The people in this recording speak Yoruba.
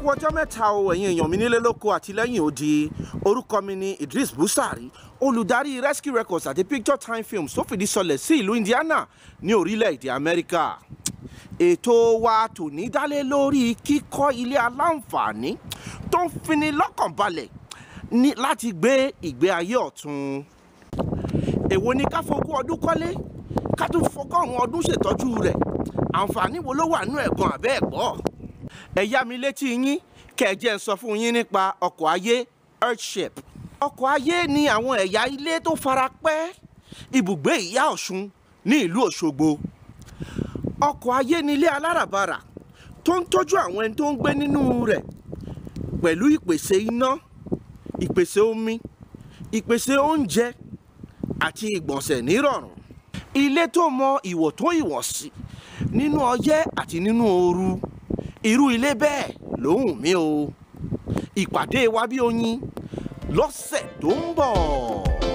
kú ọjọ́ mẹ́ta o ẹ̀yin èèyàn mi nílé lóko àti lẹ́yìn orúkọ mi ni Idris Busari olùdarí Rescue Records àti Picture Time Films tó fìdí sọlẹ̀ sí ìlú Indiana ní orílẹ̀-èdè Amẹ́ríkà ètò wa tòní dálé lórí kíkọ́ ilé aláǹfààní tó ń fini lọ́kàn balẹ̀ láti gbé ìgbé ayé ọ̀tun èwo ni ká fogún ọdún kọ́lé ká tún fọgọ́rùn-ún ọdún ṣètọ́jú rẹ̀ àǹfààní wo ló wà nú ẹ̀gbọ́n àbẹ́ ẹ̀gbọ́n ẹ yá mi létí yín kẹ̀jẹ̀ ń sọ fún yín nípa ọkọ̀ ayé earthship ọkọ̀ ayé ni àwọn ẹ̀yà ilé tó fara pẹ́ ibùgbé ìyá ọ̀ṣun ní ìlú òṣogbo ọkọ̀ ayé ni ilé aláràbarà tó ń tọ́jú àwọn ẹni tó ń gbé nínú rẹ̀ pẹ̀lú ìpèsè iná ìpèsè omi ìpèsè oúnjẹ àti ìgbọ̀nsẹ̀ nírọ̀rùn ilé tó mọ ìwọ̀ tó ìwọ̀n sí nínú ọyẹ́ àti nínú ooru irú ilé bẹ́ẹ̀ lóhùn mi o ìpàdé wa bí oyin lọ́sẹ̀ tó ń bọ̀.